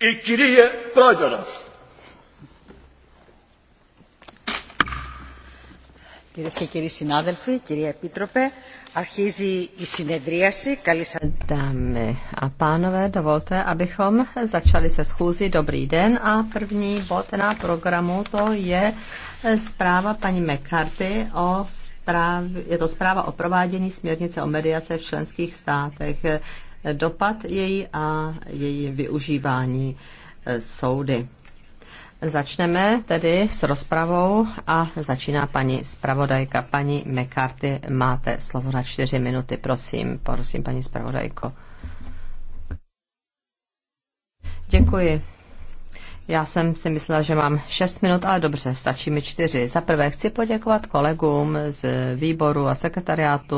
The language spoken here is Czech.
Η κυρία Πρόεδρος. Κυρίες και κύριοι συνάδελφοι, κυρία Επίτροπε, αρχίζει η συνεδρίαση. Καλή σας... Dámy a pánové, dovolte, abychom začali se schůzi. Dobrý den a první bod na programu to je eh, zpráva paní McCarthy o zpráv, je to zpráva o provádění směrnice o mediace v členských státech dopad její a její využívání e, soudy. Začneme tedy s rozpravou a začíná paní zpravodajka. Paní McCarthy, máte slovo na čtyři minuty, prosím. Prosím, paní zpravodajko. Děkuji. Já jsem si myslela, že mám 6 minut, ale dobře, stačí mi čtyři. Za prvé chci poděkovat kolegům z výboru a sekretariátu